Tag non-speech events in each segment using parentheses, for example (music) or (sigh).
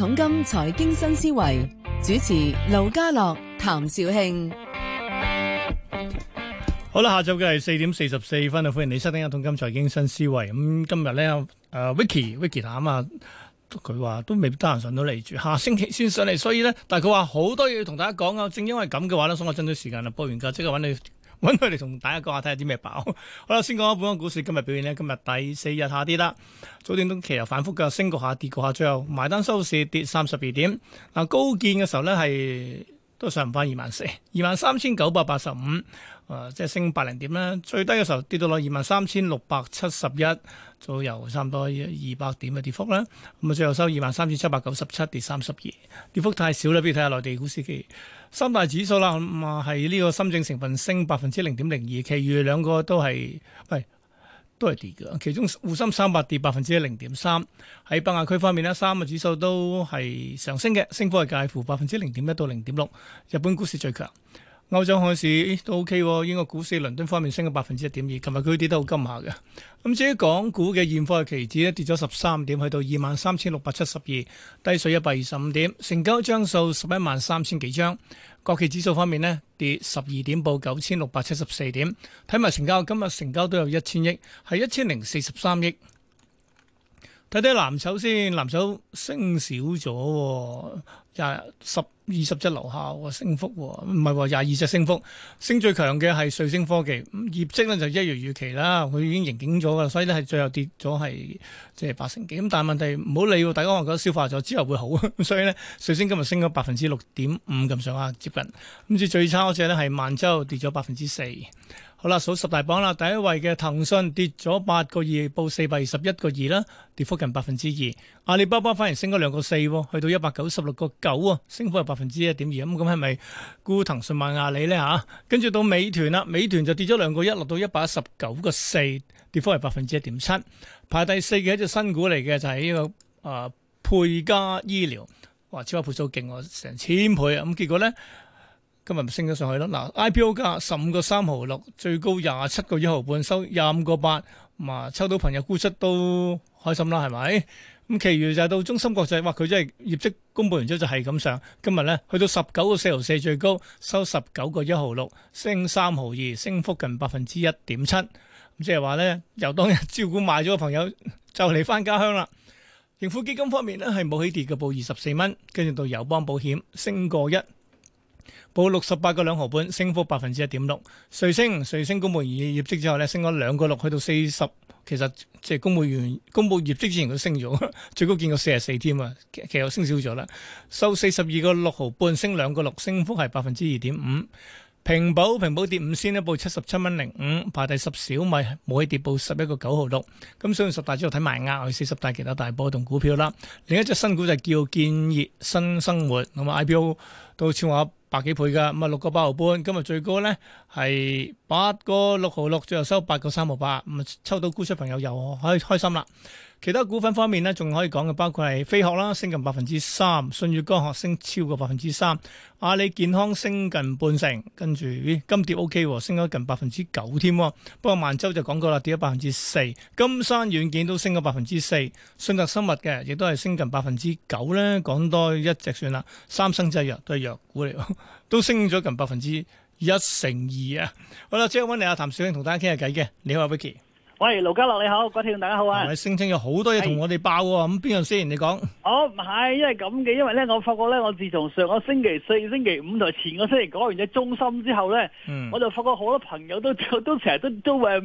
統金財經新思維主持盧家樂、譚兆慶，好啦，下晝嘅係四點四十四分啊！歡迎你收聽、啊《統金財經新思維》嗯。咁今日咧，誒、呃、，Vicky、Vicky 阿、啊、嘛，佢話都未必得閒上到嚟住，下星期先上嚟，所以咧，但係佢話好多嘢要同大家講啊！正因為咁嘅話咧，所以我爭取時間啦，播完架即刻揾你。搵佢嚟同大家講下睇下啲咩爆，好啦，先講下本港股市今日表現咧，今日第四日下跌啦，早段都其實反覆嘅升過下跌過下，最後埋單收市跌三十二點，嗱高見嘅時候咧係都上唔返二萬四，二萬三千九百八十五。誒，即係升百零點啦，最低嘅時候跌到落二萬三千六百七十一左右，差唔多二百點嘅跌幅啦。咁啊，最後收二萬三千七百九十七，跌三十二，跌幅太少啦。不如睇下內地股市嘅三大指數啦，啊係呢個深證成分升百分之零點零二，其餘兩個都係，喂、哎，都係跌嘅。其中滬深三百跌百分之零點三。喺北亞區方面呢，三個指數都係上升嘅，升幅係介乎百分之零點一到零點六。日本股市最強。歐洲開市都 OK，英、哦、國股市倫敦方面升咗百分之一點二，琴日佢跌得好金下嘅。咁、嗯、至於港股嘅現貨期指咧，跌咗十三點，去到二萬三千六百七十二，低水一百二十五點，成交張數十一萬三千幾張。國企指數方面呢，跌十二點，點，報九千六百七十四點。睇埋成交，今日成交都有一千億，係一千零四十三億。睇睇藍籌先，藍籌升少咗，哦。十二十,哦哦哦、二十二十隻樓下喎升幅，唔係喎廿二十隻升幅，升最強嘅係瑞星科技，業績咧就一如預期啦，佢已經盈警咗噶，所以咧係最後跌咗係即係八成幾。咁但係問題唔好理，大家我覺得消化咗之後會好，所以咧瑞星今日升咗百分之六點五咁上下接近。咁最最差嗰隻咧係萬洲跌咗百分之四。好啦，數十大榜啦，第一位嘅騰訊跌咗八個二，報四百二十一個二啦，跌幅近百分之二。阿里巴巴反而升咗兩個四，去到一百九十六個九。九、嗯、啊，升幅係百分之一點二咁，咁係咪估騰訊萬亞利咧吓？跟住到美團啦，美團就跌咗兩個一，落到一百一十九個四，跌幅係百分之一點七，排第四嘅一隻新股嚟嘅就係呢、呢個誒沛嘉醫療，哇，超額倍數勁喎，成千倍、嗯、啊！咁結果咧，今日咪升咗上去咯。嗱，IPO 價十五個三毫六，最高廿七個一毫半，收廿五個八，嘛，抽到朋友沽出都開心啦，係咪？咁，其餘就到中芯國際，哇！佢真係業績公布完咗就係咁上。今日咧，去到十九個四毫四最高，收十九個一毫六，升三毫二，升幅近百分之一點七。咁即係話咧，由當日招股買咗嘅朋友就嚟翻家鄉啦。盈富基金方面咧，係冇起跌嘅報二十四蚊，跟住到友邦保險升過一。報六十八個兩毫半，升幅百分之一點六。瑞星，瑞星公布完業績之後咧，升咗兩個六，去到四十。其實即係公務員、公布業績之前都升咗，最高見過四十四添啊，其實升少咗啦。收四十二個六毫半，升兩個六，升幅係百分之二點五。平保，平保跌五仙咧，報七十七蚊零五，排第十。小米冇起跌，報十一個九毫六。咁所以十大主要睇埋額外，四十大其他大波動股票啦。另一隻新股就叫建業新生活，咁啊 IPO 到千話。百幾倍噶，咁啊六個八毫半，今日最高咧係八個六毫六，最後收八個三毫八，咁啊抽到沽出朋友又開開心啦。其他股份方面咧，仲可以講嘅包括係飛鶴啦，升近百分之三；信譽光學升超過百分之三；阿里健康升近半成，跟住金蝶 O K，升咗近百分之九添。不過萬洲就講過啦，跌咗百分之四。金山軟件都升咗百分之四，信達生物嘅亦都係升近百分之九咧。講多一隻算啦，三生製藥都係藥股嚟，都升咗近百分之一成二啊。好啦，即刻揾嚟阿譚小英同大家傾下偈嘅。你好啊，Vicky。喂，盧家樂你好，各位聽眾大家好啊！係、啊，聲稱有好多嘢同我哋爆喎，咁邊、oh, 樣先？你講，哦唔係，因為咁嘅，因為咧，我發覺咧，我自從上個星期四、星期五同前個星期講完隻中芯之後咧，嗯，我就發覺好多朋友都都成日都都會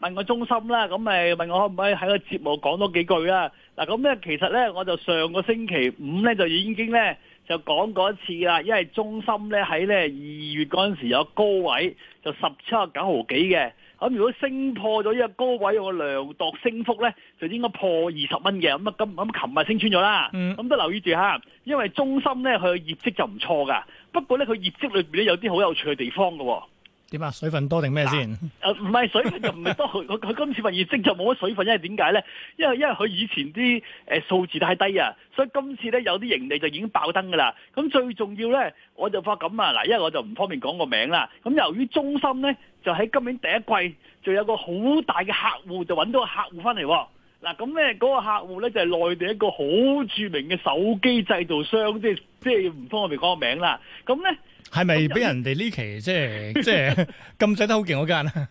問我中芯啦，咁咪問我可唔可以喺個節目講多幾句啊？嗱，咁咧其實咧，我就上個星期五咧就已經咧。就講過一次啦，因為中芯咧喺咧二月嗰陣時有高位就，就十七啊九毫幾嘅。咁如果升破咗呢個高位，個量度升幅咧就應該破二十蚊嘅。咁啊咁咁琴日升穿咗啦。咁、嗯、都留意住下。因為中芯咧佢業績就唔錯噶，不過咧佢業績裏面咧有啲好有趣嘅地方喎。點啊？水分多定咩先？誒、啊，唔係水分就唔係多，佢佢今次份業績就冇乜水分，因為點解咧？因為因為佢以前啲誒數字太低啊，所以今次咧有啲盈利就已經爆燈噶啦。咁最重要咧，我就發咁啊，嗱，因為我就唔方便講個名啦。咁由於中芯咧，就喺今年第一季就有個好大嘅客戶就搵到個客戶翻嚟。嗱，咁咧嗰個客戶咧就係內地一個好著名嘅手機製造商，即係即係唔方便講個名啦。咁咧。係咪俾人哋 (laughs) (laughs) 呢期即係即係咁使得好勁嗰間啊？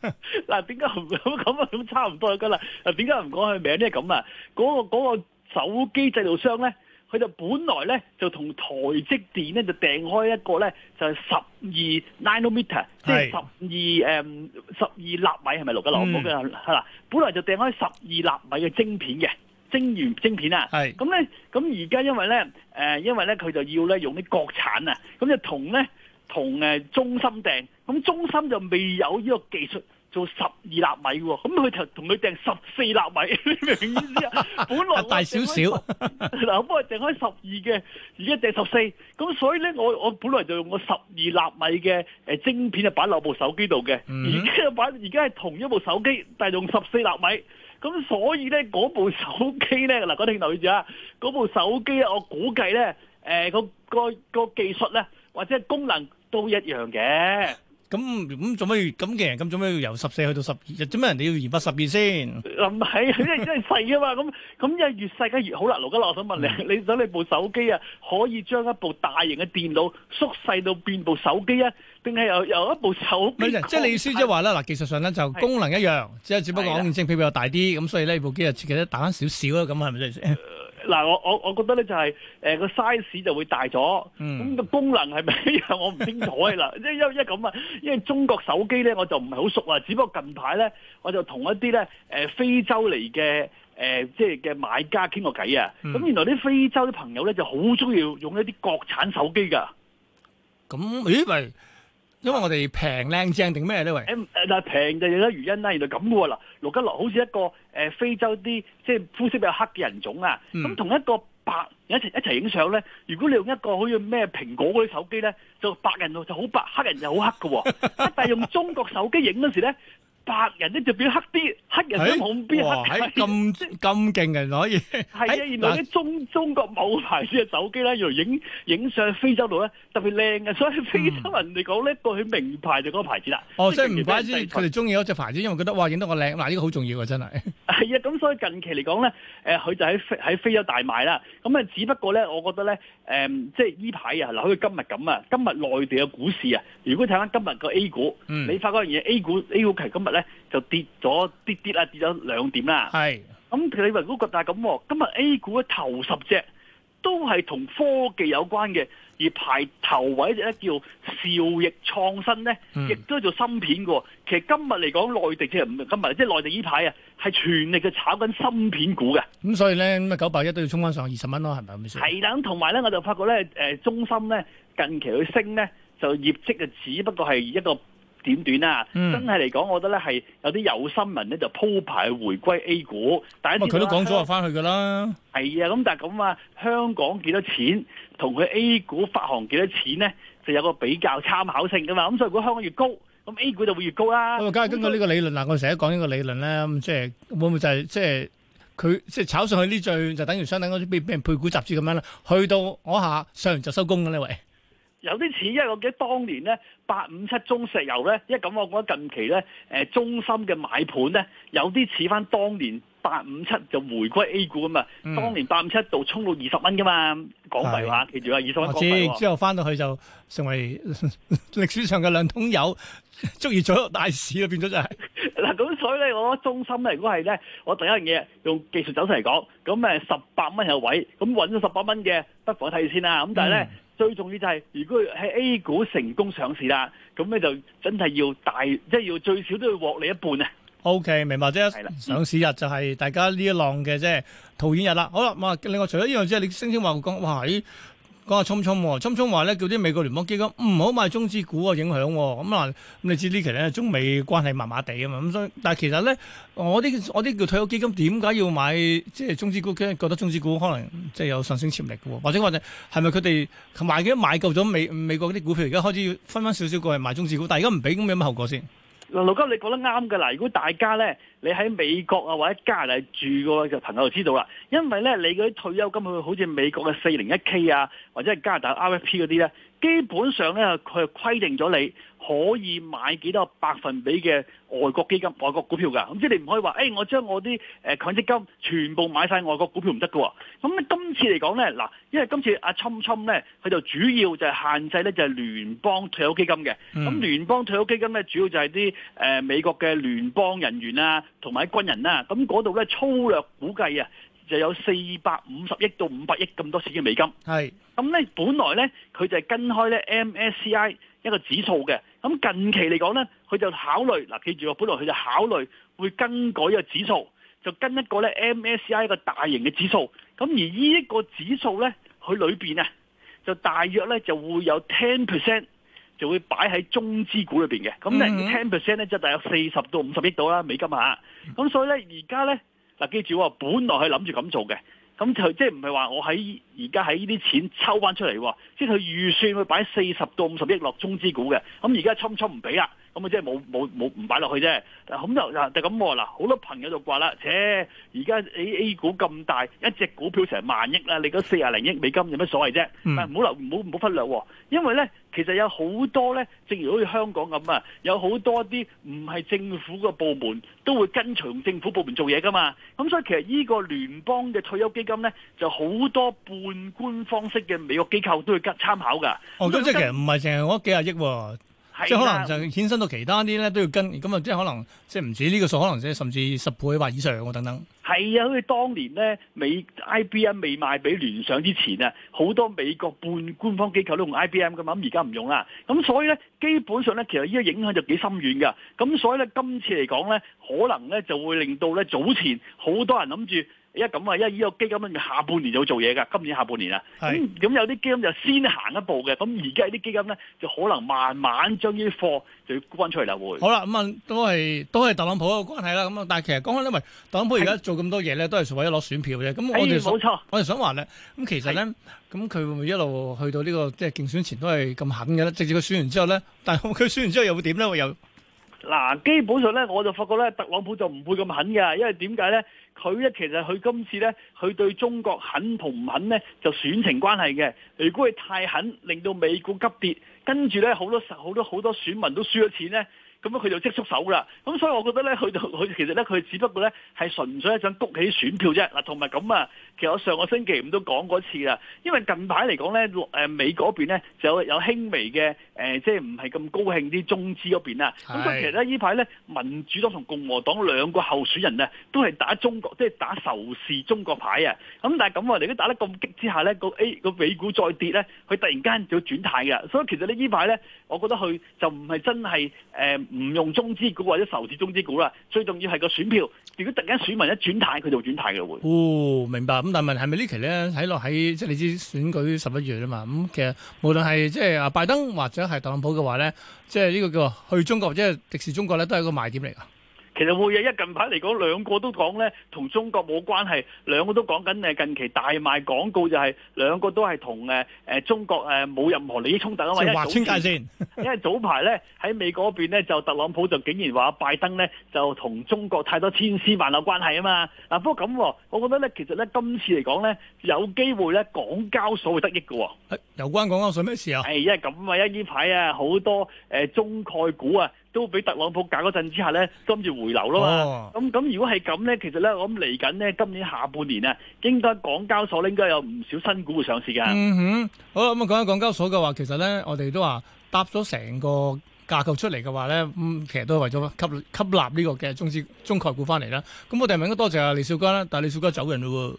嗱，點解唔咁咁啊？咁差唔多啦。嗱，點解唔講佢名咧？咁啊，嗰個嗰個手機製造商咧，佢就本來咧就同台積電咧就訂開一個咧就係十二 nanometer，即係十二誒十二納米係咪六嘅六？咁嘅係啦，本來就訂開十二納米嘅晶片嘅晶圓晶片啊。係咁咧，咁而家因為咧誒，因為咧佢就要咧用啲國產啊，咁就同咧。同誒中心訂，咁中心就未有呢個技術做十二納米喎，咁佢就同佢訂十四納米。你明唔明意思？本來大少少，嗱，幫佢訂開十二嘅，而家訂十四，咁所以咧，我我本來就用個十二納米嘅誒晶片就擺落部手機度嘅，而家擺而家係同一部手機，但係用十四納米，咁所以咧嗰部手機咧，嗱，各位留意住啊，嗰部手機咧，我估計咧，誒個個個技術咧，或者係功能，都一樣嘅，咁咁做咩要咁嘅人？咁做咩要由十四去到十二？做咩人哋要研發十二先？嗱唔係，因為真係細啊嘛。咁咁又越細嘅越好啦。嗱，我我想問你，你睇你部手機啊，可以將一部大型嘅電腦縮細到變部手機啊？定係由由一部手機？唔係，即係你意思即係話啦。嗱，技術上咧就功能一樣，即係只不過硬件設備比較大啲，咁所以咧部機啊設計得大翻少少咯。咁係咪真係？嗱，我我我覺得咧就係誒個 size 就會大咗，咁、嗯，個功能係咪我唔清楚嘅啦。 (laughs) 因為因為咁啊，因為中國手機咧我就唔係好熟啊，只不過近排咧我就同一啲咧誒非洲嚟嘅誒即係嘅買家傾過偈啊，咁、嗯、原來啲非洲啲朋友咧就好中意用一啲國產手機㗎。咁咦咪？因為我哋平靚正定咩呢位？誒，但係平就有得原因啦，原來咁喎嗱。盧吉樂好似一個誒、呃、非洲啲即係膚色比較黑嘅人種啊，咁、嗯、同一個白一齊一齊影相咧，如果你用一個好似咩蘋果嗰啲手機咧，就白人就好白，黑人就好黑喎，啊。 (laughs) 但係用中國手機影嗰時咧。白人咧就變黑啲，黑人咧冇邊，咁咁勁嘅可以。係 (laughs) 啊，原來啲中中國某牌子嘅手機咧，原來影影相非洲度咧特別靚嘅，所以非洲人嚟講咧，過去名牌就嗰個牌子啦。哦，所以唔怪之佢哋中意嗰隻牌子，因為覺得哇影得我靚，嗱、這、呢個好重要啊真係。係啊，咁所以近期嚟講咧，誒、呃、佢就喺喺非洲大賣啦。咁啊，只不過咧，我覺得咧，誒、呃、即係呢排啊，嗱好似今日咁啊，今日內地嘅股市啊，如果睇翻今日個 A 股，嗯、你發覺樣嘢，A 股 A 股其實今日咧就跌咗啲啲啦，跌咗兩點啦。咁其實你話如果咁，今日 A 股嘅頭十隻。都係同科技有關嘅，而排頭位嘅咧叫兆易創新咧，亦、嗯、都係做芯片嘅。其實今日嚟講內地，即係今日，即係內地呢排啊，係全力嘅炒緊芯片股嘅。咁、嗯、所以咧，咁九百一都要衝翻上二十蚊咯，係咪咁嘅意思？係啦，同埋咧，我就發覺咧，誒、呃、中芯咧近期去升咧，就業績就只不過係一個點短啊！真係嚟講，我覺得咧係有啲有心人咧就鋪排回歸 A 股，大家知啦。佢都講咗話翻去噶啦。係啊，咁但係咁啊，香港幾多錢同佢 A 股發行幾多錢咧，就有個比較參考性噶嘛。咁所以如果香港越高，咁 A 股就會越高啦。咁啊，梗係根據呢個理論啦，我成日講呢個理論咧，咁即係會唔會就係即係佢即係炒上去呢？最就等於相等於俾俾人配股集資咁樣啦。去到我下上完就收工咁咧，喂。有啲似，因為我記得當年咧，八五七中石油咧，因為咁，我覺得近期咧，誒中芯嘅買盤咧，有啲似翻當年八五七就回歸 A 股咁嘛，當年八五七度衝到二十蚊噶嘛，港幣啊、嗯，記住啊，二十蚊之後翻到去就成為 (laughs) 歷史上嘅兩桶油，足以左右大市啊！變咗就係嗱咁，所以咧，我覺得中芯咧，如果係咧，我第一樣嘢用技術走勢嚟講，咁誒十八蚊有位，咁揾咗十八蚊嘅，不妨睇先啦。咁但係咧。最重要就係，如果喺 A 股成功上市啦，咁你就真係要大，即係要最少都要獲利一半啊！OK，明白即係啦。上市日就係大家呢一浪嘅即係套現日啦。好啦，咁另外除咗呢樣之外，你聲聲話講哇喺。講下沖沖，沖沖話咧叫啲美國聯邦基金唔好賣中資股啊，影響咁啊。咁你知呢期咧中美關係麻麻地啊嘛，咁所以但係其實咧，我啲我啲叫退休基金點解要買即係中資股？即係覺得中資股可能即係有上升潛力嘅，或者話係係咪佢哋賣幾多買夠咗美美國啲股票，而家開始要分翻少少過去買中資股？但係而家唔俾咁有乜後果先？嗱，老金，你講得啱㗎啦。如果大家咧，你喺美國，美國啊，或者加拿大住嘅朋友就知道啦，因為咧你嗰啲退休金佢好似美國嘅四零一 K 啊，或者係加拿大 RFP 嗰啲咧，基本上咧佢係規定咗你可以買幾多百分比嘅外國基金、外國股票㗎，咁即係你唔可以話，誒、欸、我將我啲誒強積金全部買晒外國股票唔得㗎喎。咁咧今次嚟講咧，嗱，因為今次阿侵侵咧，佢就主要就係限制咧就係聯邦退休基金嘅，咁、嗯、聯邦退休基金咧主要就係啲美國嘅聯邦人員啊。同埋軍人啦，咁嗰度咧粗略估計啊，就有四百五十億到五百億咁多錢嘅美金。係，咁咧本來咧佢就係跟開咧 MSCI 一個指數嘅，咁近期嚟講咧，佢就考慮嗱，記住啊，本來佢就考慮會更改個指數，就跟一個咧 MSCI 一個大型嘅指數，咁而呢一個指數咧，佢裏面啊，就大約咧就會有 ten percent。就會擺喺中資股裏邊嘅，咁呢，ten percent 咧，即係大約四十到五十億度啦，美金啊，咁所以咧而家咧嗱，記住喎，本來係諗住咁做嘅，咁就即係唔係話我喺而家喺呢啲錢抽翻出嚟喎，即係佢預算會擺四十到五十億落中資股嘅，咁而家川普俾啦咁即係冇冇冇唔擺落去啫。咁又嗱就咁喎。嗱好多朋友就話啦，且而家 A A 股咁大，一隻股票成萬億啦，你嗰四廿零億美金有乜所謂啫？但係唔好留，唔好唔好忽略。因為咧，其實有好多咧，正如好似香港咁啊，有好多啲唔係政府嘅部門都會跟隨政府部門做嘢噶嘛。咁所以其實呢個聯邦嘅退休基金咧，就好多半官方式嘅美國機構都會跟參考㗎。哦，咁即係其實唔係成日攞幾廿億，哦。是即係可能就衍生到其他啲咧都要跟咁啊！即係可能即係唔止呢個數，可能即係甚至十倍或以上等等。係啊，好似當年咧，美 IBM 未賣俾聯想之前啊，好多美國半官方機構都用 IBM 嘅嘛。咁而家唔用啦。咁所以咧，基本上咧，其實依個影響就幾深遠嘅。咁所以咧，今次嚟講咧，可能咧就會令到咧早前好多人諗住。一咁啊，因為呢個基金下半年就做嘢㗎，今年下半年啊，咁咁有啲基金就先行一步嘅，咁而家啲基金咧就可能慢慢將呢啲貨就要關出嚟啦，會。好啦，咁、嗯、啊，都係都係特朗普嘅關係啦，咁啊，但係其實講開因為特朗普而家做咁多嘢咧，都係為咗攞選票啫。冇、哎、錯。我哋想話咧，咁其實咧，咁佢會唔會一路去到呢、這個即係、就是、競選前都係咁狠嘅咧？直至佢選完之後咧，但係佢選完之後又會點咧？又嗱，基本上咧，我就發覺咧，特朗普就唔會咁狠嘅，因為點解咧？佢咧，其實佢今次咧，佢對中國狠同唔狠咧，就選情關係嘅。如果佢太狠，令到美國急跌，跟住咧好多好多好多選民都輸咗錢咧。咁啊，佢就即束手啦。咁所以，我覺得咧，佢就佢其實咧，佢只不過咧係純粹想谷起選票啫。嗱，同埋咁啊，其實我上個星期五都講過一次啦。因為近排嚟講咧，誒美國嗰邊咧就有有輕微嘅誒，即係唔係咁高興啲中資嗰邊啊。咁所以其實咧，依排咧，民主黨同共和黨兩個候選人咧，都係打中國，即係打仇視中國牌啊。咁但係咁啊，你如果打得咁激之下咧，個 A 個美股再跌咧，佢突然間就轉態嘅。所以其實咧，依排咧，我覺得佢就唔係真係誒。唔用中資股或者受指中資股啦，最重要係個選票。如果突然間選民一轉態，佢就轉態嘅會。哦，明白。咁但問係咪呢期咧睇落喺即係你知選舉十一月啊嘛？咁、嗯、其實無論係即係啊拜登或者係特朗普嘅話咧，即係呢個叫去中國即係敵視中國咧，都係個賣點嚟㗎。其實我嘢一近排嚟講，兩個都講咧同中國冇關係，兩個都講緊誒近期大賣廣告，就係兩個都係同誒誒中國誒冇任何利益衝突啊嘛。即係劃清界線。因為早排咧喺美國嗰邊咧，就特朗普就竟然話拜登咧就同中國太多千絲萬縷關係啊嘛。嗱，不過咁，我覺得咧其實咧今次嚟講咧，有機會咧港交所會得益嘅。誒，有關港交所咩事啊？係因為咁啊，一呢排啊好多誒中概股啊。都俾特朗普搞嗰陣之下咧，跟住回流咯嘛。咁咁如果係咁咧，其實咧，我諗嚟緊咧，今年下半年啊，應該港交所咧應該有唔少新股會上市嘅。嗯哼，好咁啊，講緊港交所嘅話，其實咧，我哋都話搭咗成個架構出嚟嘅話咧，咁其實都係為咗吸吸納呢個嘅中資中概股翻嚟啦。咁我哋應該多謝阿李小加啦，但係李小加走人咯。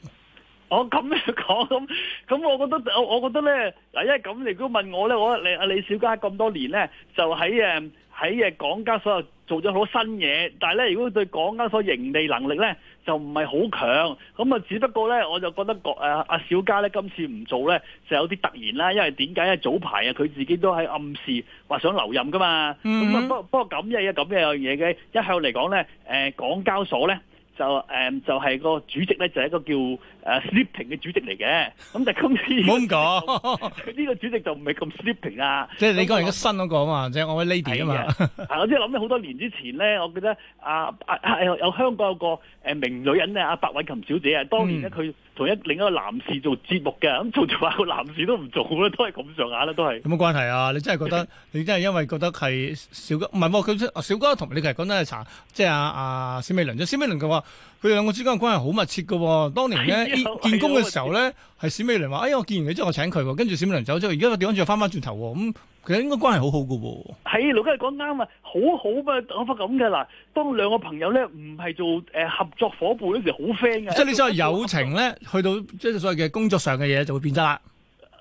哦，咁樣講，咁咁，我覺得我我覺得咧，嗱，因為咁你如果問我咧，我阿李阿李小加咁多年咧，就喺誒。睇嘢港交所做咗好多新嘢，但係咧如果對港交所盈利能力咧就唔係好強，咁啊只不過咧我就覺得阿、啊、小加咧今次唔做咧就有啲突然啦，因為點解？因為早排啊佢自己都係暗示話想留任噶嘛，咁、mm、啊 -hmm. 不不過咁一咁一樣嘢嘅一向嚟講咧、呃，港交所咧就誒、呃、就係、是、個主席咧就係、是、一個叫。誒 sleeping 嘅主席嚟嘅，咁但係公司冇咁講，呢個主席就唔係咁 sleeping 啊。即係你講而家新嗰個啊嘛，即係我位 lady 啊嘛。係我即係諗起好多年之前咧，我記得阿阿係有香港有個誒名女人咧，阿白偉琴小姐啊，當年咧佢同一另一個男士做節目嘅，咁做做下個男士都唔做啦，都係咁上下啦，都係。有冇關係啊？你真係覺得你真係因為覺得係小哥唔係冇佢小哥同你其實講得係查，即係阿阿小美倫咗，小美倫嘅話，佢哋兩個之間嘅關係好密切嘅喎，當年咧。見工嘅時候咧，係冼美玲話，哎，我見完佢之，之後，我請佢喎。跟住冼美玲走咗，而家個點樣再翻翻轉頭喎？咁其實應該關係好好嘅喎。喺老吉講啱啊，好好嘛，講翻咁嘅啦，當兩個朋友咧，唔係做誒合作夥伴嗰時候，好 friend 嘅。即係你所謂友情咧，去到即係所謂嘅工作上嘅嘢，就會變質啦。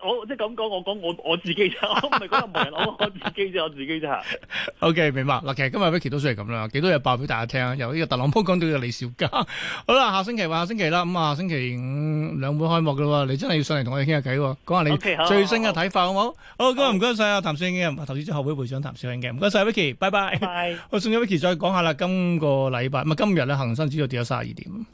我即係咁講，我講我我自己啫，我唔係講任何人，我我自己啫，我自己啫。O K. 明白。嗱，其實今日 Vicky 都算係咁啦，幾多嘢爆俾大家聽啊！由呢個特朗普講到又李小加，好啦，下星期話下星期啦，咁啊，星期五兩會開幕噶啦喎，你真係要上嚟同我哋傾下偈喎，講下你最新嘅睇法好唔好？好，今日唔該晒啊，譚紹興嘅，同埋投資者學會會長譚紹興嘅，唔該晒 Vicky，拜拜。好，送咗 Vicky 再講下啦，今個禮拜唔係今日咧，恒生指數跌咗卅二點。